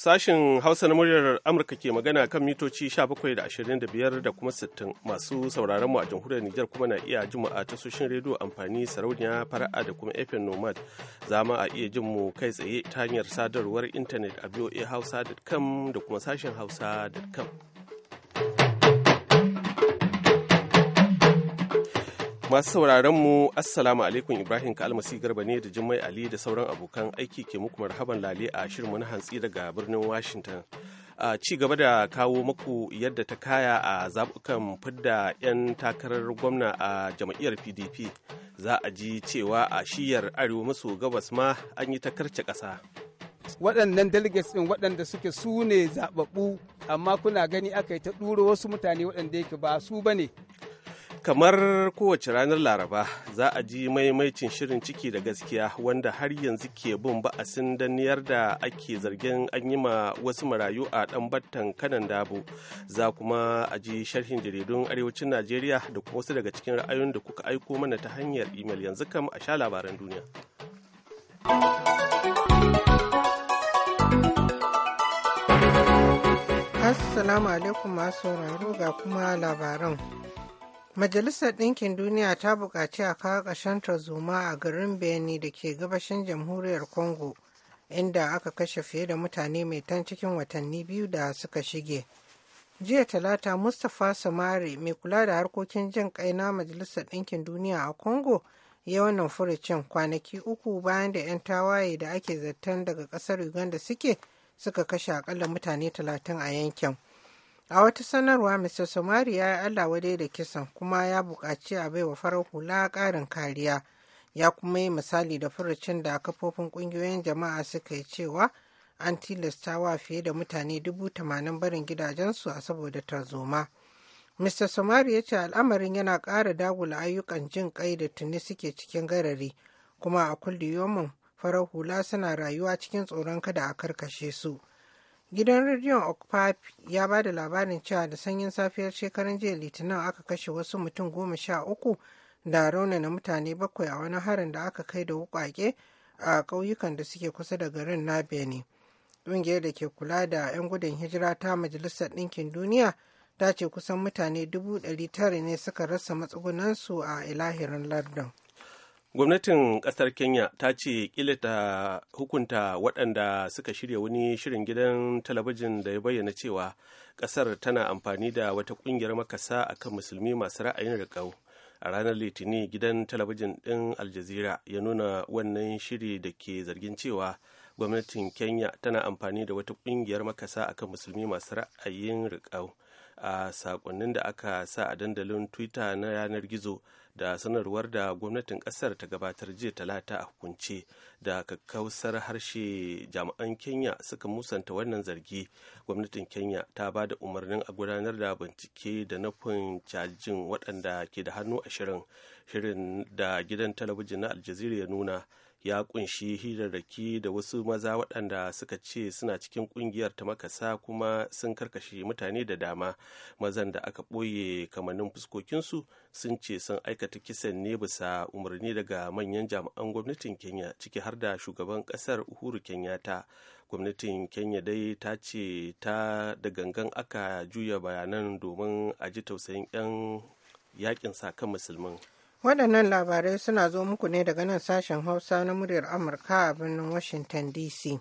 Sashen Hausa na muryar Amurka ke magana kan mitoci 17 da 25 da kuma 60 masu sauraron mu a jamhuriyar Nijar kuma na iya jin mu a rediyo amfani sarauniya fara'a da kuma FM Nomad. Za a iya jin mu kai tsaye ta hanyar sadarwar intanet a Hausa.com da kuma sashen hausa.com. Masu sauraron mu Assalamu alaikum Ibrahim Kalmasi Garba ne da Jummai Ali da sauran abokan aiki ke muku marhaban lale a shirin na hantsi daga birnin Washington. A ci gaba da kawo muku yadda ta kaya a zabukan fidda 'yan takarar gwamna a jam'iyyar PDP. Za a ji cewa a shiyar arewa maso gabas ma an yi ta karce ƙasa. waɗannan delegates ɗin waɗanda suke su ne zaɓaɓɓu amma kuna gani aka yi ta ɗuro wasu mutane waɗanda yake ba su ba ne kamar kowace ranar laraba za a ji maimaicin shirin ciki da gaskiya wanda har yanzu ke bin ba'asin daniyar da ake zargin an yi ma wasu marayu a dan battan kanan dabo za kuma a ji sharhin jaridun arewacin najeriya da kuma wasu daga cikin ra'ayoyin da kuka aiko mana ta hanyar imel yanzu kam a sha labaran duniya assalamu alaikum masu sauraro ga kuma labaran Majalisar Ɗinkin Duniya ta buƙaci a kawo ƙashen tarzoma a garin Beni da ke gabashin jamhuriyar Congo, inda aka kashe fiye da mutane mai tan cikin watanni biyu da suka shige. Jiya Talata Mustapha Samari mai kula da harkokin jin kai na Majalisar Ɗinkin Duniya a Congo ya wannan furucin kwanaki uku bayan da 'yan tawaye da ake zaton daga ƙasar Uganda suke suka kashe akalla mutane talatin a yankin. A wata sanarwa, Mr. Somari ya yi Allah wadai da kisan kuma ya buƙaci a baiwa farar hula ƙarin kariya. Ya kuma yi misali da furucin da kafofin ƙungiyoyin jama'a suka yi cewa an tilasta wa fiye da mutane dubu tamanin barin gidajensu a saboda tarzoma. Mr. Somari ya ce al'amarin yana ƙara dagula ayyukan jin ƙai da tuni suke cikin garari kuma a kulliyomin farar hula suna rayuwa cikin tsoron kada a karkashe su. Gidan rediyon okpap ya ba da labarin cewa da sanyin safiyar shekaran jiya Litinin aka kashe wasu mutum goma sha uku da raunana mutane bakwai a wani harin da aka kai da wukwake a ƙauyukan da suke kusa da garin na Benin. Ƙungiyar da ke kula da 'yan gudun hijira ta Majalisar Ɗinkin Duniya ta ce kusan mutane dubu ɗari tara ne suka rasa matsugunansu a ilahirin lardin. gwamnatin ƙasar kenya ta ce kila ta hukunta waɗanda suka shirya wani shirin gidan talabijin da ya bayyana cewa ƙasar tana amfani da wata ƙungiyar makasa akan musulmi masu ra'ayin riƙau a ranar litinin gidan talabijin ɗin aljazira ya nuna wannan shiri da ke zargin cewa gwamnatin kenya tana amfani da wata ƙungiyar makasa akan musulmi masu ra'ayin riƙau a saƙonnin da aka sa a dandalin twitter na yanar gizo da sanarwar da gwamnatin kasar ta gabatar jiya talata a hukunce da kakkausar harshe jami'an kenya suka musanta wannan zargi gwamnatin kenya ta ba da umarnin a gudanar da bincike da nufin cajin waɗanda ke da hannu ashirin shirin da gidan talabijin na aljazeera ya nuna ya kunshi hirarraki da wasu maza waɗanda suka ce suna cikin ƙungiyar ta makasa kuma sun karkashe mutane da dama mazan da aka ɓoye kamanin fuskokinsu sun ce sun aikata kisan ne bisa umarni daga manyan jami'an gwamnatin kenya ciki har da shugaban ƙasar uhuru kenyatta gwamnatin kenya dai ta ce ta da gangan aka juya bayanan domin a ji tausayin 'yan yakin sa kan musulmin Waɗannan labarai suna zo muku ne daga nan sashen Hausa na muryar Amurka a birnin Washington DC.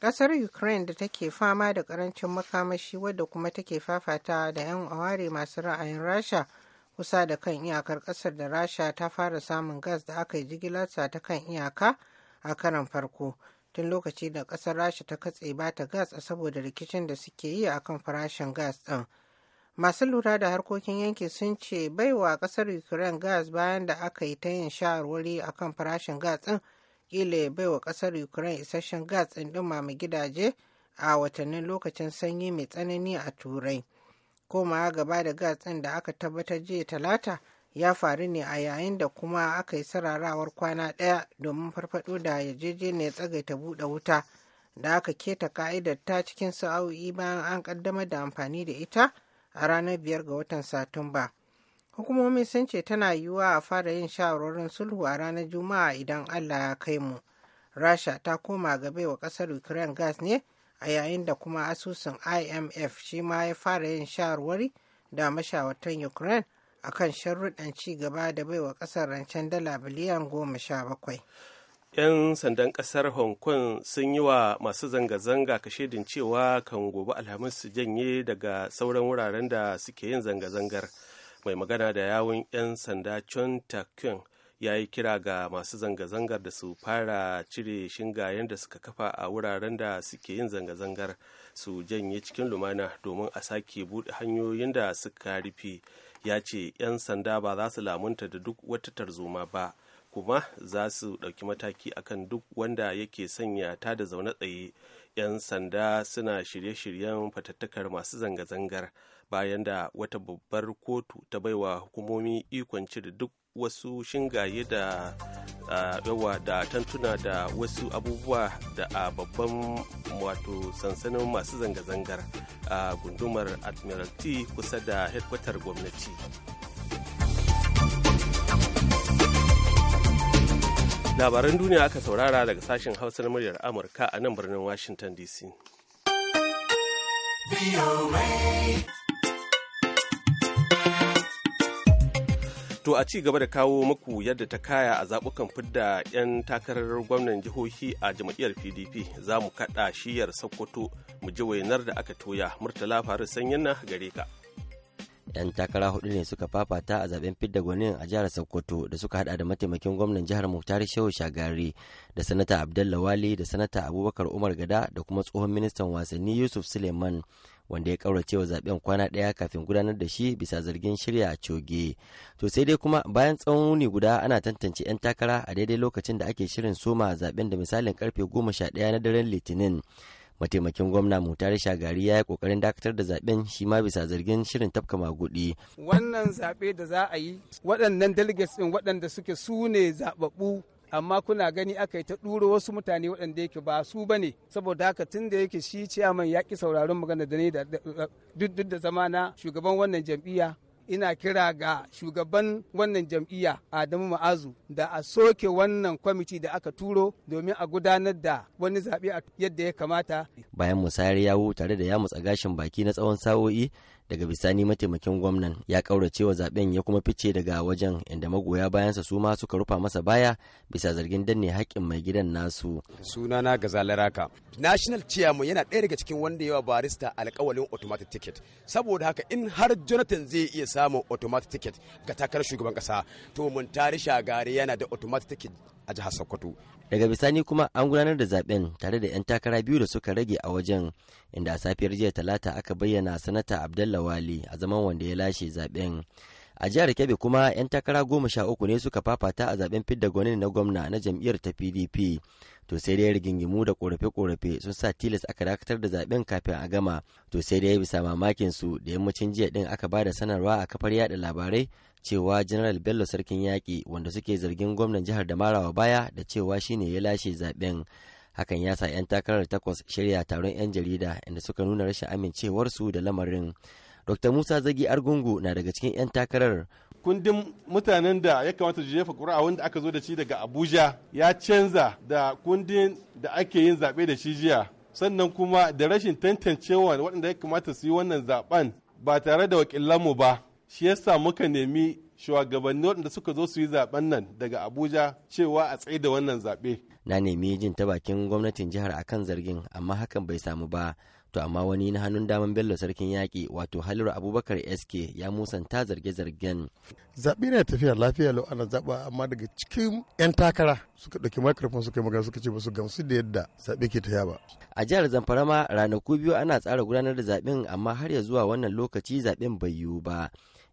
Ƙasar Ukraine da take fama da ƙarancin makamashi wadda kuma take fafata da 'yan aware masu ra'ayin Rasha kusa da kan iyakar ƙasar da Rasha ta fara samun gas da aka yi jigilarsa ta kan iyaka a karan farko. Tun lokaci da ƙasar Rasha ta katse bata gas a saboda rikicin da suke yi akan farashin gas ɗin. masu lura da harkokin yanki sun ce baiwa kasar ukraine gas bayan da aka yi ta yin shawarwari kan farashin gas din kila baiwa kasar ukraine isasshen gas din dumama gidaje a watannin lokacin sanyi mai tsanani a turai komawa gaba da gas ɗin da aka tabbatar jiya talata ya faru ne a yayin da kuma aka yi sararawar kwana ɗaya domin farfado da yarjejeniyar tsagaita buɗe wuta da aka keta ka'idar ta cikin sa'o'i bayan an ƙaddamar da amfani da ita a ranar biyar ga watan satumba hukumomi sun ce tana yiwuwa a fara yin shawarorin sulhu a ranar juma'a idan allah ya kai mu rasha ta koma ga baiwa kasar ukraine gas ne a yayin da kuma asusun imf shi ma ya fara yin shawarwari da mashawartan ukraine akan sharruɗan ci gaba da baiwa ƙasar rancen dala biliyan goma sha bakwai 'yan sandan kasar hong kong sun yi wa masu zanga-zanga kashedin cewa kan gobe alhamis su janye daga sauran wuraren da suke yin zanga-zangar mai magana da yawon 'yan sanda chun ta ya yi kira ga masu zanga-zangar da su fara cire shingayen da suka kafa a wuraren da suke yin zanga-zangar su janye cikin lumana domin a sake buɗe hanyoyin da suka rufe ya ce 'yan sanda ba za su lamunta da duk wata tarzoma ba. kuma za su ɗauki mataki akan duk wanda yake sanya ta da zaune tsaye 'yan sanda suna shirye-shiryen fatattakar masu zanga-zangar bayan da wata babbar kotu ta baiwa hukumomi ikon cire duk wasu shingaye da yawa da tantuna da wasu abubuwa da a babban wato sansanin masu zanga-zangar a gundumar admiralty kusa da headquarter gwamnati labaran duniya aka saurara daga sashen hausa na muryar amurka a nan birnin washington dc To a ci gaba da kawo muku yadda ta kaya a zaɓukan fidda 'yan takarar gwamnan jihohi a jam'iyyar PDP za mu kaɗa shiyar Sokoto mu ji wainar da aka toya Murtala Faru Sanyin na gare ka. 'yan takara hudu ne suka fafata a zaben fidda gwanin a jihar sokoto da suka hada da mataimakin gwamnan jihar muhtar shehu shagari da sanata abdalla wali da sanata abubakar umar gada da kuma tsohon ministan wasanni yusuf suleiman wanda ya kaurace wa zaben kwana daya kafin gudanar da shi bisa zargin shirya a coge to sai dai kuma bayan tsawon wuni guda ana tantance 'yan takara a daidai lokacin da ake shirin soma zaben da misalin karfe goma sha daya na daren litinin mataimakin gwamna mutare shagari ya yi kokarin dakatar da zaben shi ma bisa zargin shirin tafka magudi wannan zaɓe da za a yi waɗannan delegates ɗin waɗanda suke su ne zaɓaɓɓu amma kuna gani aka yi ta ɗuro wasu mutane waɗanda yake ba su ba ne saboda haka tun da yake shi ciyaman ya ƙi sauraron magana da ne duk da zama na shugaban wannan jam'iyya ina kira ga shugaban wannan jam'iyya Adamu Ma'azu da a soke wannan kwamiti da aka turo domin a gudanar da wani zaɓe yadda ya kamata. Bayan musayar yawo tare da mutsa gashin baki na tsawon sa'o'i daga bisani mataimakin gwamnan ya kaurace wa zaben ya kuma fice daga wajen inda magoya bayansa su ma suka rufa masa baya bisa zargin danne haƙƙin mai gidan nasu sunana zalaraka national chairman yana ɗaya daga cikin wanda yawa barista alƙawalin automatic ticket saboda haka in har jonathan zai iya samun automatic ticket ga takarar shugaban ƙasa to mun tari shagari yana da automatic ticket a jihar sokoto daga bisani kuma an gudanar da zaben tare da 'yan takara biyu da suka rage a wajen inda a safiyar jiya talata aka bayyana sanata abdalla wali a zaman wanda ya lashe zaben a jihar kebbi kuma 'yan takara goma sha uku ne suka fafata a zaben fidda gwanin na gwamna na jam'iyyar ta pdp to sai dai rigingimu da korafe-korafe sun sa tilas aka dakatar da zaben kafin a gama to sai dai bisa mamakin su da yammacin jiya din aka ba da sanarwa a kafar yada labarai cewa General Bello Sarkin Yaƙi wanda suke zargin gwamnan jihar da marawa baya da cewa shine ya lashe zaben. Hakan ya sa 'yan takarar takwas shirya taron 'yan jarida inda suka nuna rashin amincewarsu da lamarin. Dr. Musa Zagi Argungu na daga cikin 'yan takarar kundin mutanen da ya kamata su jefa ƙuri'a wanda aka zo da shi daga abuja ya canza da kundin da ake yin zaɓe da shi jiya sannan kuma da rashin tantancewa waɗanda ya kamata su yi wannan zaɓen ba tare da wakilanmu ba shi yasa muka nemi shugabanni waɗanda suka zo su yi zaben nan daga abuja cewa a tsaye da wannan zaɓe. na nemi jin ta bakin gwamnatin jihar akan zargin amma hakan bai samu ba to amma wani na hannun daman bello sarkin yaƙi wato haliru abubakar sk ya musanta zarge-zargen zaɓe na tafiya lafiya lau ana zaɓa amma daga cikin 'yan takara suka ɗauki microphone suka yi magana suka ce ba gamsu da yadda zaɓe ke tafiya ba a jihar zamfara ma ranaku biyu ana tsara gudanar da zaɓen amma har ya zuwa wannan lokaci zaɓen bai yiwu ba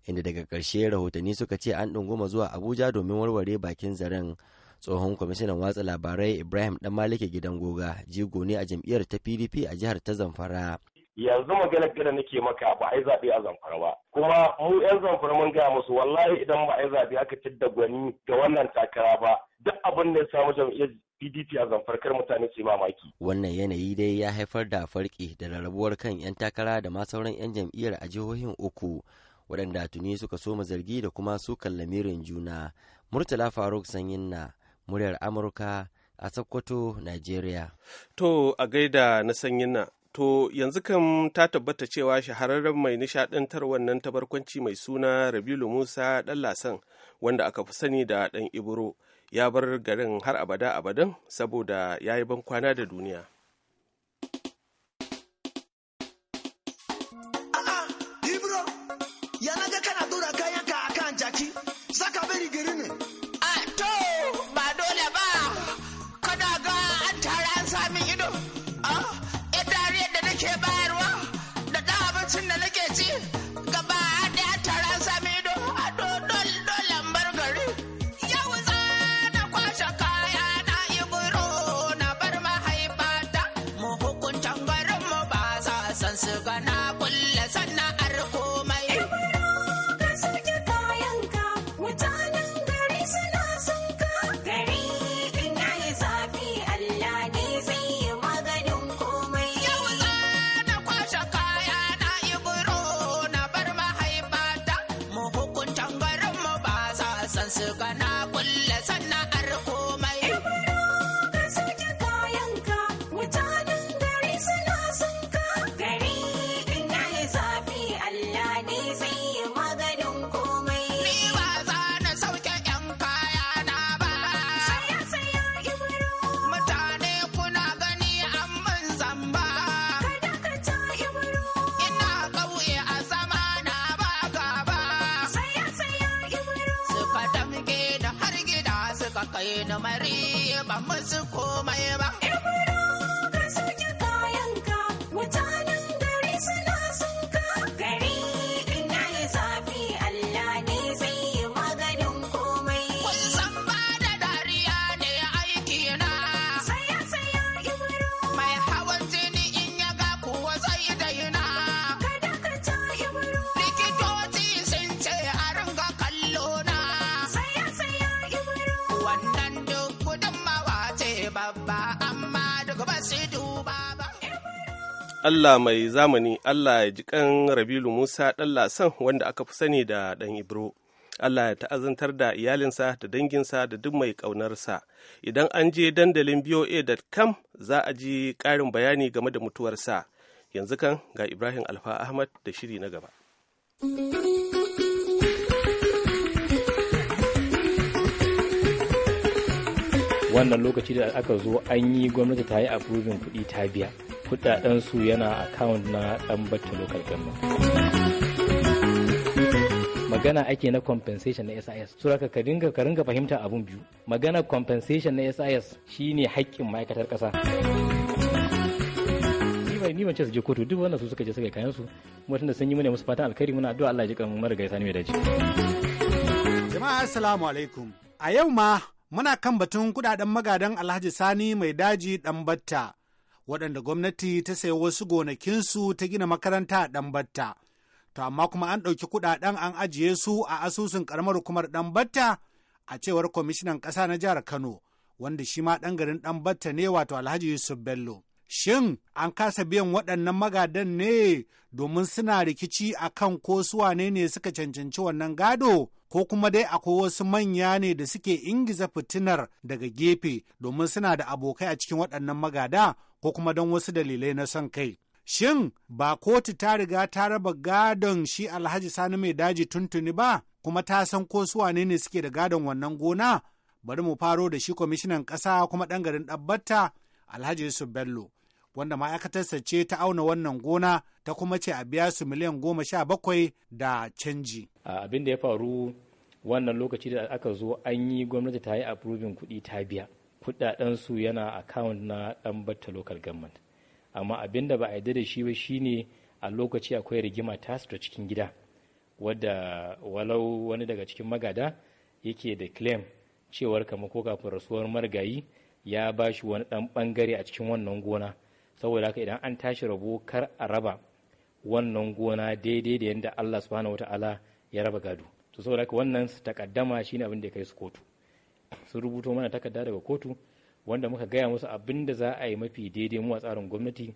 inda daga ƙarshe rahotanni suka ce an ɗunguma zuwa abuja domin warware bakin zaren tsohon kwamishinan watsa labarai ibrahim dan maliki gidan goga jigo ne a jam'iyyar ta pdp a jihar ta zamfara yanzu maganar gada nake maka ba a yi zaɓe a zamfara ba kuma mu yan zamfara mun gaya musu wallahi idan ba a yi zaɓe aka da gwani ga wannan takara ba duk abin da ya samu jam'iyyar PDP a zamfara kar mutane su mamaki. Wannan yanayi dai ya haifar da farki da rarrabuwar kan 'yan takara da ma sauran 'yan jam'iyyar a jihohin uku waɗanda tuni suka soma zargi da kuma sukan lamirin juna murtala faruk sanyin na muryar amurka a sokoto nigeria to a gaida na sanyin na to yanzu kam ta tabbata cewa shahararren mai nishadantar wannan tabarkwanci mai suna rabilu musa ɗan lasan wanda aka fi sani da ɗan ibro ya bar garin har abada abadan saboda ya yi ban kwana da duniya Sugar Allah mai zamani Allah ya ji kan Rabilu Musa ɗan wanda aka fi sani da ɗan Ibro. Allah ya ta'azantar da iyalinsa da danginsa da duk mai ƙaunarsa. Idan an je dandalin BOA.com za a ji ƙarin bayani game da mutuwarsa. Yanzu kan ga Ibrahim Alfa Ahmad da shiri na gaba. Wannan lokaci da aka zo an yi gwamnati ta yi approving kuɗi ta biya. kudadensu yana account na dan bacci local government magana ake na compensation na SIS su raka ka dinga ka ringa fahimta abun biyu magana compensation na SIS shine haƙƙin ma'aikatar ƙasa ni ban ce su je kotu duk wannan su suka je suka kayan su kuma tunda sun yi mana musu fatan alkhairi muna addu'a Allah ya ji kan mu marigayi sani mai dace jama'a assalamu alaikum a yau ma muna kan batun kudaden magadan Alhaji Sani mai daji dan batta waɗanda gwamnati ta sayi wasu gonakinsu ta gina makaranta a ɗanbatta. To amma kuma an ɗauki kuɗaɗen an ajiye su a asusun ƙaramar hukumar ɗanbatta a cewar kwamishinan ƙasa na jihar Kano, wanda shi ma ɗan garin ɗanbatta ne wato Alhaji Yusuf Bello. Shin an kasa biyan waɗannan magadan ne domin suna rikici a kan ko su wane ne suka cancanci wannan gado? Ko kuma dai akwai wasu manya ne da suke ingiza fitinar daga gefe domin suna da abokai a cikin waɗannan magada ko kuma don wasu dalilai na son kai. Shin ba kotu ta riga ta raba gadon shi Alhaji Sani mai daji tuntuni ba, kuma ta san ko su wane ne suke da gadon wannan gona? Bari mu faro da shi kwamishinan ƙasa kuma ɗan garin ɗabbata Alhaji su Bello, wanda ma'aikatarsa ce ta auna wannan gona ta kuma ce a biya su miliyan goma sha bakwai da canji. Abin da ya faru wannan lokaci da aka zo an yi gwamnati ta yi approving kuɗi ta biya. kudadensu yana account na dan batta local government amma abin da ba a yarda da shi ba shine a lokaci akwai rigima ta da cikin gida wadda walau wani daga cikin magada yake da claim cewar kama ko kafin rasuwar marigayi ya ba shi wani dan bangare a cikin wannan gona saboda haka idan an tashi rabo kar a raba wannan gona daidai da yadda Allah subhanahu ta'ala ya raba gado to saboda haka wannan takaddama shine abin da ya kai su kotu sun rubuto mana takarda daga kotu wanda muka gaya musu abin da za a yi mafi daidai mu a tsarin gwamnati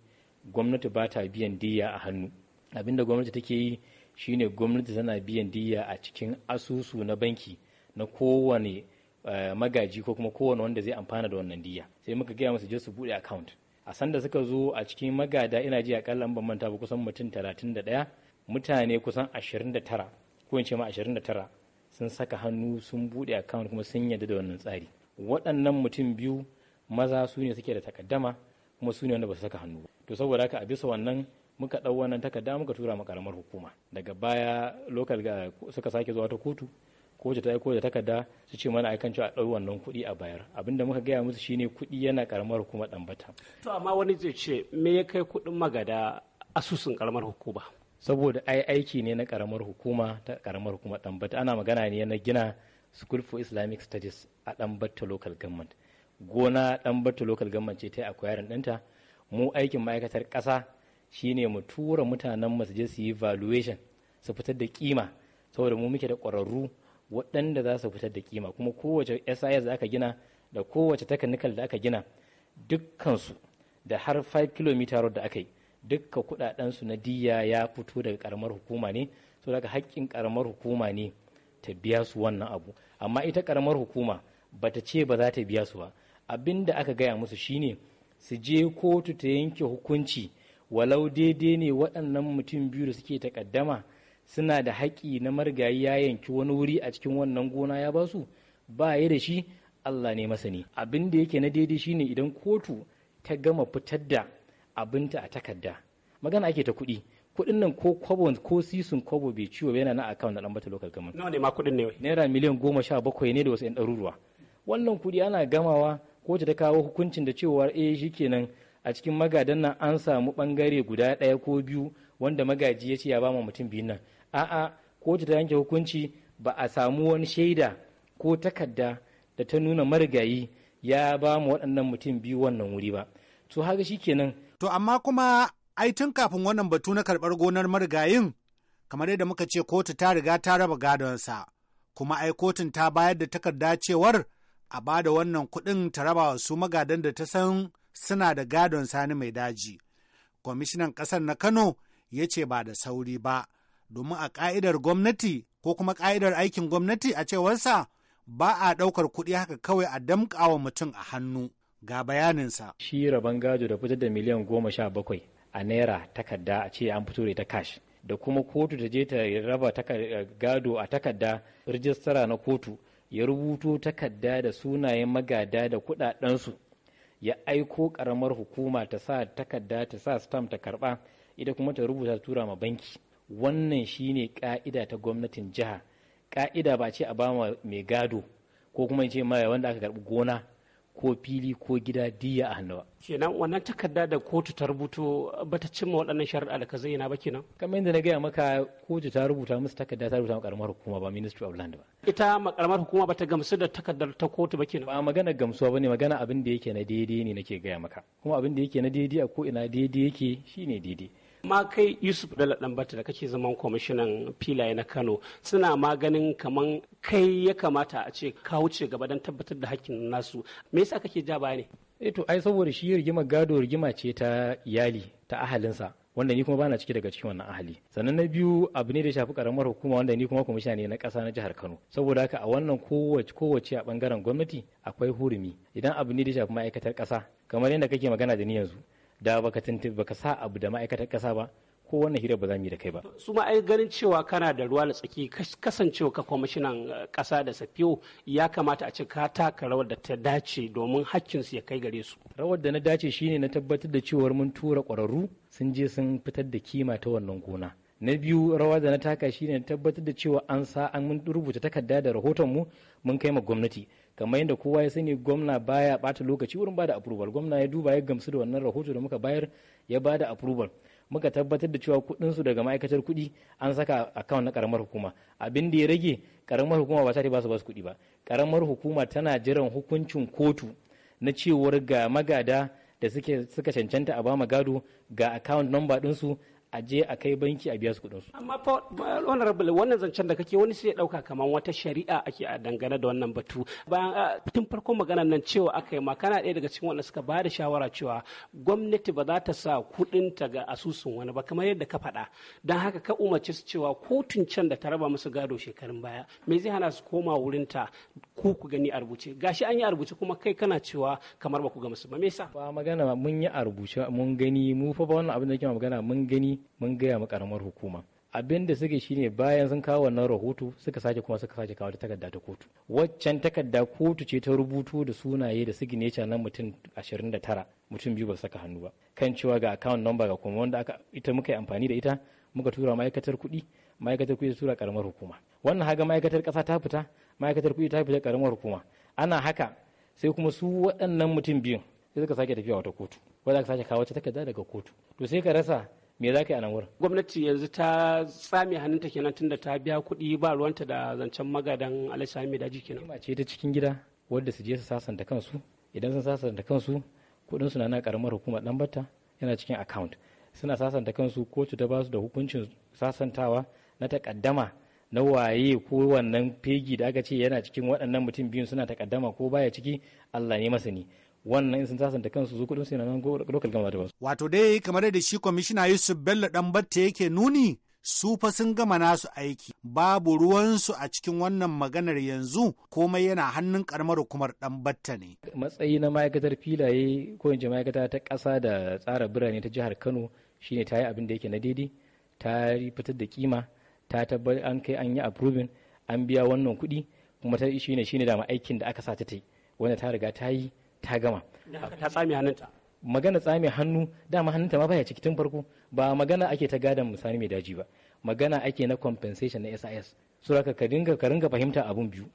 gwamnati ba ta biyan diyya a hannu abin da gwamnati take yi shine gwamnati tana biyan diyya a cikin asusu na banki na kowane eh, magaji ko kuma kowane wanda zai amfana da wannan diya sai muka gaya musu je su bude account a sanda suka zo a cikin magada ina ji akalla ban manta ba kusan mutum 31 mutane kusan 29 ko in ce ma 29 sun saka hannu sun buɗe account kuma sun yarda da wannan tsari waɗannan mutum biyu maza su ne suke da takaddama kuma su ne wanda ba su saka hannu to saboda haka a bisa wannan muka ɗau wannan takarda muka tura ma karamar hukuma daga baya lokal ga suka sake zuwa ta kotu ko ta aiko da takarda su ce mana aikan cewa ɗau wannan kuɗi a bayar abinda muka gaya musu shine kuɗi yana karamar hukuma bata to amma wani zai ce me ya kai kuɗin magada asusun karamar hukuma saboda ai aiki ne na karamar hukuma ta karamar hukumar bata ana magana ne na gina school for islamic studies a ɗanbata local government gona ɗanbata local government ce ta yi akwayarin ɗinta mu aikin ma'aikatar ƙasa shine mu tura mutanen mu su je su yi valuation su fitar da kima saboda mu muke da ƙwararru waɗanda za su fitar da kima kuma kowace SIS da aka gina da kowace technical da aka gina dukkansu da har 5 km road da aka yi dukka kudadensu na diya ya fito daga karamar hukuma ne so daga haƙƙin karamar hukuma ne ta biya su wannan abu amma ita karamar hukuma ba ta ce ba za ta biya su ba Abinda aka gaya musu shine su je kotu ta yanke hukunci walau daidai ne waɗannan mutum biyu da suke takaddama suna da haƙƙi na marigayi ya yanki wani wuri a cikin wannan gona ya basu ba ya da shi Allah ne masani abin da yake na daidai shine idan kotu ta gama fitar da abinta a takarda magana ake ta kuɗi kuɗin nan ko kwabo ko sisun kwabo bai ciwo yana na account na dan bata local government nawa ne ma kuɗin ne naira miliyan goma sha bakwai ne da wasu yan ɗaruruwa wannan kuɗi ana gamawa ko ta kawo hukuncin da cewa eh kenan a cikin magadan nan an samu bangare guda ɗaya ko biyu wanda magaji ya ce ya bama mutum biyun nan a'a ko ta yanke hukunci ba a samu wani shaida ko takarda da ta nuna marigayi ya ba mu waɗannan mutum biyu wannan wuri ba to haka kenan. To amma kuma ai tun kafin wannan batu na karɓar gonar marigayin kamar yadda muka ce kotu ta riga ta raba gadonsa kuma ai kotun ta bayar da takarda cewar a ba da wannan kuɗin ta raba wa su magadan da ta san suna da gadon sani mai daji. Kwamishinan ƙasar na Kano ya ce ba da sauri ba, domin a ƙa'idar gwamnati ko kuma ƙa'idar aikin gwamnati a cewarsa ba a ɗaukar kuɗi haka kawai a damƙawa mutum a hannu. ga bayaninsa. Shi rabon gado da fitar da miliyan goma sha bakwai a naira takarda a ce an fito da ta kash. Da kuma kotu ta je ta raba eh, gado a takarda rijistara na kotu ya rubuto takarda da sunayen magada da kudadensu ya aiko karamar hukuma ta sa takarda ta sa stamp ta karba ita kuma ta rubuta tura ma banki wannan shine ka'ida ta gwamnatin jiha ka'ida ba ce a ba mai gado ko kuma ce ma wanda aka karbi gona ko fili ko gida diya a hannu ba. kenan wannan takarda da kotu ta rubuto ta cimma waɗannan shari'a da ka ba kenan kamar yadda na gaya maka kotu ta rubuta musu takarda ta rubuta makaramar hukuma ba ministry of land ba ita karamar hukuma ba ta gamsu da takardar ta kotu ba kenan ba magana gamsuwa bane magana abin da yake na daidai ne nake gaya maka kuma abin da yake na daidai a ko ina daidai yake shine daidai ma kai yusuf dala dambata da kake zaman kwamishinan filaye na kano suna maganin ganin kaman kai ya kamata a ce ka wuce gaba don tabbatar da hakkin nasu me yasa kake ja baya ne eh to ai saboda shi rigima gado rigima ce ta iyali ta ahalinsa wanda ni kuma bana ciki daga cikin wannan ahali sannan na biyu abu ne da shafi karamar hukuma wanda ni kuma kwamishina ne na kasa na jihar Kano saboda haka a wannan kowace a bangaren gwamnati akwai hurumi idan abu ne da shafi ma'aikatar kasa kamar yadda kake magana da ni yanzu da baka tintin baka sa abu da ma'aikatar kasa ba ko wannan hira ba za mu yi da kai ba su ma ai ganin cewa kana da ruwa da tsaki kasancewa ka kwamishinan kasa eh, da safiyo ya kamata a ce ka taka rawar da ta dace domin hakkin su ya kai gare su rawar da na dace shine na tabbatar da cewa mun tura ƙwararru sun je sun fitar da kima ta wannan gona na biyu rawar da na taka shine na tabbatar da cewa an sa an mun rubuta takarda da rahoton mu mun kai ma gwamnati kamar yadda kowa ya sani gwamna baya bata lokaci wurin bada approval gwamna ya duba ya gamsu da wannan rahoto da muka bayar ya bada approval muka tabbatar da cewa su daga ma'aikatar kuɗi an saka account na karamar hukuma abin da ya rage karamar hukuma ba ta ba su ba su kuɗi ba karamar hukuma tana jiran hukuncin kotu na cewar ga magada da suke suka cancanta a bama gado ga account number dinsu a je a kai banki a biya su kudin su. Amma fa honorable wannan zancen da kake wani sai ya ɗauka kamar wata shari'a ake a dangane da wannan batu. Bayan tun farkon magana nan cewa aka yi ma kana ɗaya daga cikin wanda suka ba da shawara cewa gwamnati ba za ta sa kuɗin ta ga asusun wani ba kamar yadda ka faɗa. Don haka ka umarci su cewa kotun can da ta raba musu gado shekarun baya me zai hana su koma wurin ta ku ku gani a rubuce gashi an yi a rubuce kuma kai kana cewa kamar ba ku ga musu ba me yasa. Ba magana mun yi a rubuce mun gani mu fa ba wannan abin da yake magana mun gani mun gaya ma karamar hukuma abin da suke shine bayan sun kawo wannan rahoto suka sake kuma suka sake kawo takarda ta kotu waccan takarda kotu ce ta rubutu da sunaye da signature na mutum 29 mutum biyu ba saka hannu ba kan cewa ga account number ga kuma wanda aka ita muka yi amfani da ita muka tura ma'aikatar kuɗi ma'aikatar kuɗi ta tura karamar hukuma wannan haka ma'aikatar ƙasa ta fita ma'aikatar kuɗi ta fita karamar hukuma ana haka sai kuma su waɗannan mutum biyun sai suka sake tafiya wata kotu wanda aka sake kawo ta takarda daga kotu to sai ka rasa me za ka yi a nan wurin gwamnati yanzu ta tsame hannunta kenan tunda ta biya kuɗi ba ruwanta da zancen magadan alashami mai daji kenan ce ta cikin gida wadda su je su sasanta kansu idan sun sasanta kansu kuɗin su na na karamar hukumar dan batta yana cikin account suna sasanta kansu kotu ta basu da hukuncin sasantawa na takaddama na waye ko wannan fegi da aka ce yana cikin waɗannan mutum biyun suna takaddama ko baya ciki Allah ne masani wannan in sun sasanta kansu su kudin su yana nan lokal gama da wasu. Wato dai kamar da shi kwamishina Yusuf Bello dan batta yake nuni su fa sun gama nasu aiki babu ruwansu a cikin wannan maganar yanzu komai yana hannun karamar hukumar batta ne. Matsayi na ma'aikatar filaye ko in ma'aikata ta ƙasa da tsara birane ta jihar Kano shine ta yi abin da yake na daidai ta fitar da kima ta tabbatar an kai an yi approving an biya wannan kuɗi kuma ta shine shine dama aikin da aka sa ta ta yi wanda ta riga ta yi ta gama ta tsami hannunta magana tsami hannu dama hannunta ma baya ciki tun farko ba magana ake ta gadon misali mai daji ba magana ake na compensation na SIS so ka ka dinga ka ringa fahimta abun biyu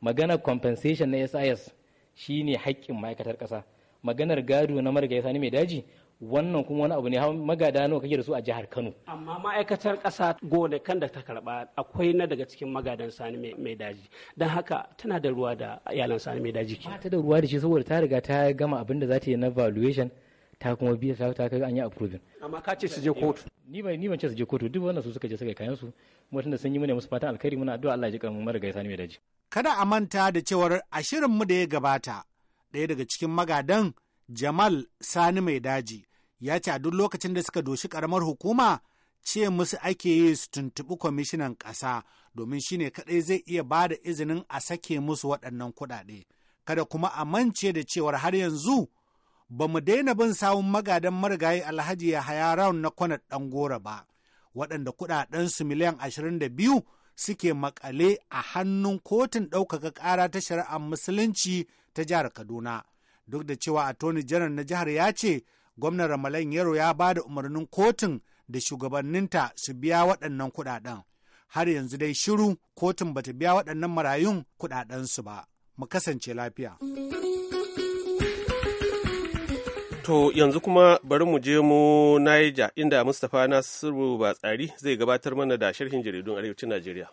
magana compensation na SIS shine haƙƙin ma'aikatar ƙasa maganar gado na marigayi sani mai daji wannan kuma wani abu ne magada nawa kake da su a jihar Kano amma ma'aikatar ƙasa gonakan da ta karba akwai na daga cikin magadan sani mai daji don haka tana da ruwa da iyalan sani mai daji ke ta da ruwa da shi saboda ta riga ta gama abin da za ta yi na valuation ta kuma biya ta ta an yi approving amma ka ce su je kotu ni ban ni ban ce su je kotu duk wannan su suka je suka kai su kuma tunda sun yi mana musu fatan alkhairi muna addu'a Allah ya ji karmu marigayi sani mai daji kada a manta da cewar a shirin mu da ya gabata ɗaya daga cikin magadan Jamal Sani mai daji ya ce a duk lokacin da suka doshi karamar hukuma ce musu ake yi su tuntuɓi kwamishinan ƙasa domin shine kaɗai zai iya ba da izinin a sake musu waɗannan kuɗaɗe. Kada kuma a mance da cewar har yanzu ba mu daina bin sawun magadan marigayi alhaji ya haya Raun na kwanar ɗan gora ba, waɗanda kuɗaɗen su miliyan ashirin da biyu suke maƙale a hannun kotun ɗaukaka ƙara ta shari'ar musulunci ta jihar Kaduna. Duk da cewa toni janar na jihar ya ce gwamnan Ramalan Yaro ya ba da umarnin kotun da shugabanninta su biya waɗannan kuɗaɗen. Har yanzu dai shiru kotun bata biya waɗannan marayun kuɗaɗensu ba. Mu kasance lafiya. To yanzu kuma bari mu je mu Niger inda Mustapha Nasiru Batsari zai gabatar mana da sharhin jaridun Arewacin Najeriya.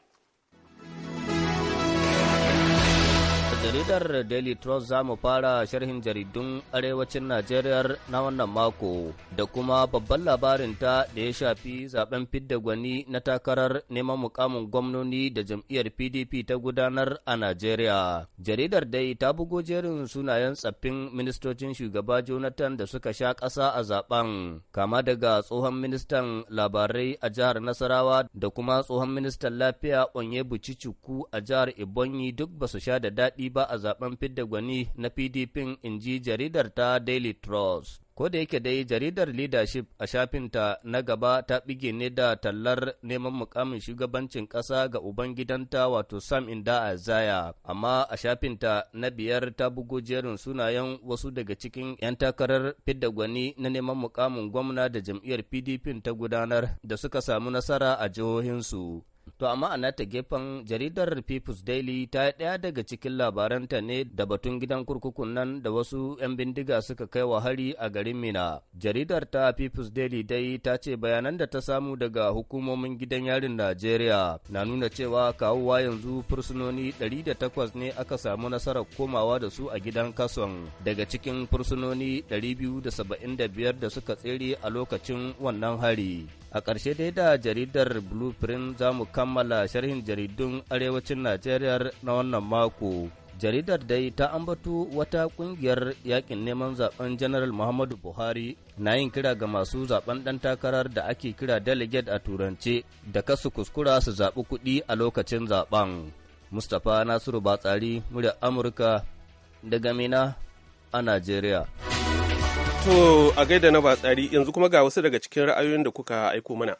jaridar Daily Trust za mu fara sharhin jaridun arewacin Najeriya na wannan mako da kuma babban labarinta da ya shafi zaben fidda gwani na takarar neman mukamin gwamnoni da jam'iyyar PDP ta gudanar a Najeriya. Jaridar dai ta bugo jerin sunayen tsaffin ministocin shugaba Jonathan da suka sha ƙasa a zaben, kama daga tsohon ministan labarai a jihar Nasarawa da kuma tsohon ministan lafiya onye bucicuku a jihar Ebonyi duk ba su sha da daɗi ba a zaben fidda gwani na PDP in ji jaridar ta Daily Trust. Ko da yake dai jaridar leadership a shafinta na gaba ta bige ne da tallar neman mukamin shugabancin ƙasa ga Ubangidanta wato Sam Inda Azaya, amma a shafinta na biyar ta bugo jerin sunayen wasu daga cikin 'yan takarar fidda gwani na neman mukamin gwamna da jam'iyyar PDP ta gudanar da suka samu nasara a jihohinsu. To amma a nata gefen jaridar People's Daily ta yi ɗaya daga cikin labaranta ne da batun gidan kurkukun nan da wasu 'yan bindiga suka kai wa hari a garin Mina. Jaridar ta People's Daily dai ta ce bayanan da ta samu daga hukumomin gidan yarin Najeriya na nuna cewa kawowa yanzu fursunoni 108 ne aka samu nasarar komawa da su a gidan kason daga cikin fursunoni 275 da suka tsere a lokacin wannan hari. A ƙarshe dai da jaridar Blueprint za mu kammala sharhin jaridun arewacin Najeriya na wannan mako. Jaridar dai ta ambato wata ƙungiyar yakin neman zaben General Muhammadu Buhari na yin kira ga masu zaben ɗan takarar da ake kira delegate a turance da kasu kuskura su zaɓi kuɗi a lokacin zaben. Mustapha Nasiru Batsari, murya Amurka daga Mina a Najeriya. To a gaida na ba tsari yanzu kuma ga wasu daga cikin ra'ayoyin da kuka aiko mana.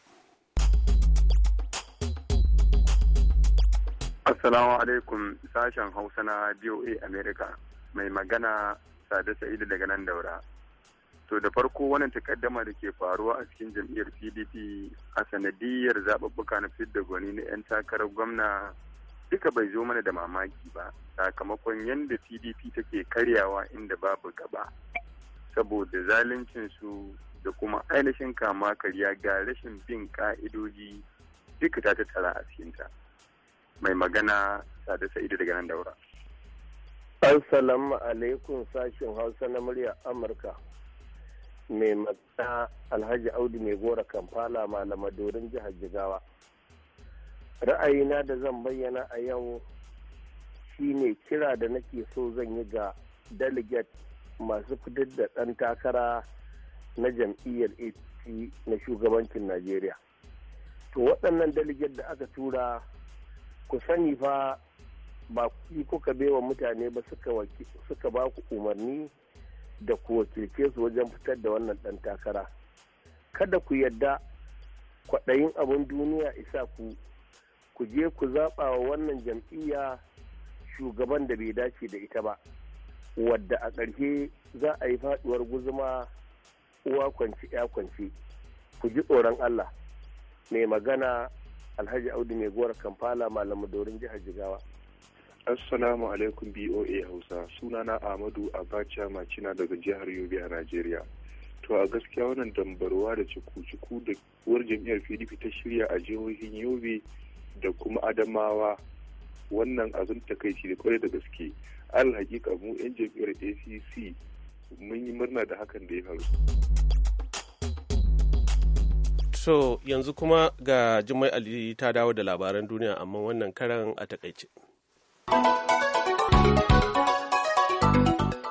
Assalamu alaikum sashen Hausa na BOA America mai magana Sade Sa'idu daga nan daura. To da farko wannan takaddama da ke faruwa a cikin jam'iyyar PDP a sanadiyyar zaɓuɓɓuka na fidda gwani na 'yan takarar gwamna duka bai zo mana da mamaki ba sakamakon yadda PDP take karyawa inda babu gaba. saboda zaluncinsu da kuma ainihin kama karya ga rashin bin ka'idoji duka ta tattara a cikinta mai magana sada sa'idu daga nan daura assalamu alaikum sashen hausa na murya amurka mai magana alhaji audu mai gora kamfala dorin jihar jigawa ra'ayina da zan bayyana a yau shine kira da nake so zan yi ga delegate masu fitar da ɗan takara na jam'iyyar APC na shugabancin Najeriya. To waɗannan delegate da aka tura ku sani fa ba kuɗi kuka baiwa mutane ba suka ba ku umarni da ku wakilce su wajen fitar da wannan ɗan takara. Kada ku yadda kwaɗayin abin duniya isa ku ku je ku zaɓa wa wannan jam'iyya shugaban da bai dace da ita ba. wadda a ƙarshe za a yi faɗuwar guzuma uwa kwanci ya kwanci ku ji tsoron Allah mai magana alhaji audu mai gowar kamfala malamu dorin jihar jigawa assalamu alaikum boa hausa sunana amadu abacha macina daga jihar yobe a nigeria to a gaskiya wannan dambarwa da ciku-ciku da uwar jami'ar pdp ta shirya a jihohin yobe da kuma adamawa wannan abin takaici da kwarai da gaske al mu yan jam'iyyar acc mun yi murna da hakan da ya faru so yanzu kuma ga jimai ali ta dawo da labaran duniya amma wannan karan a takaice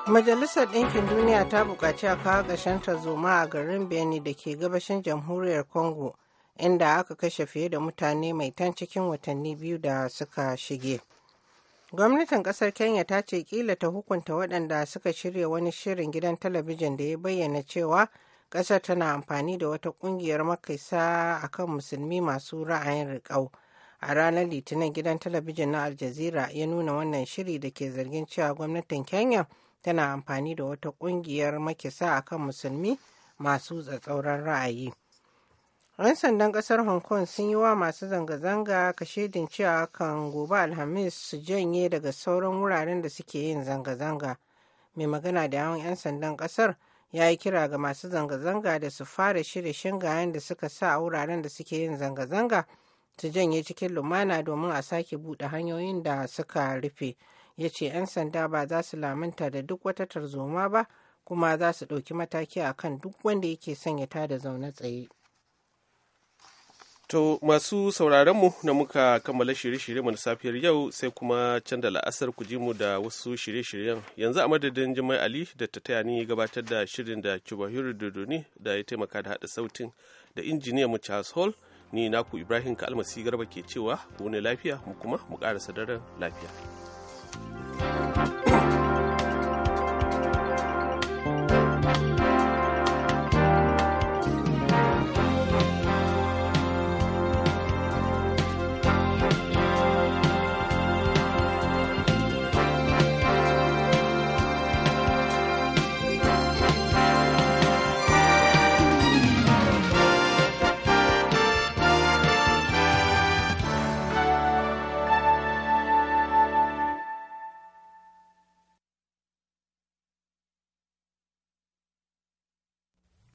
majalisar ɗinkin duniya ta buƙaci a kawo ta zoma a garin beni da ke gabashin jamhuriyar congo inda aka kashe fiye da mutane mai tan cikin watanni biyu da suka shige Gwamnatin ƙasar Kenya ta ce kila ta hukunta waɗanda suka shirya wani shirin gidan talabijin da ya bayyana cewa ƙasar tana amfani da wata ƙungiyar makaisa kan musulmi masu ra'ayin riƙau. A ranar Litinin gidan talabijin na Al ya nuna wannan shiri da ke zargin cewa gwamnatin Kenya tana amfani da wata ƙungiyar makisa a kan musulmi masu tsatsauran ra'ayi. 'Yan sandan kasar Hong Kong sun yi wa masu zanga-zanga kashedin cewa kan gobe Alhamis su janye daga sauran wuraren da suke yin zanga-zanga. Mai magana da yawan 'yan sandan kasar ya yi kira ga masu zanga-zanga da su fara shirya shingayen da suka sa a wuraren da suke yin zanga-zanga su janye cikin lumana domin a sake buɗe hanyoyin da suka rufe. Ya ce 'yan sanda ba za su lamunta da duk wata tarzoma ba kuma za su ɗauki mataki akan duk wanda yake sanya ta da zaune tsaye. To masu sauraronmu mu na muka kammala shirye-shirye mu na safiyar yau sai kuma can da la'asar ku ji mu da wasu shirye-shiryen. Yanzu a madadin Jimai Ali da ta taya ni gabatar da shirin da Kibahiru Dodoni da ya taimaka da haɗa sautin da injiniya mu Charles Hall ni naku Ibrahim Kalmasi Garba ke cewa ku wani lafiya mu kuma mu ƙarasa daren lafiya. thank you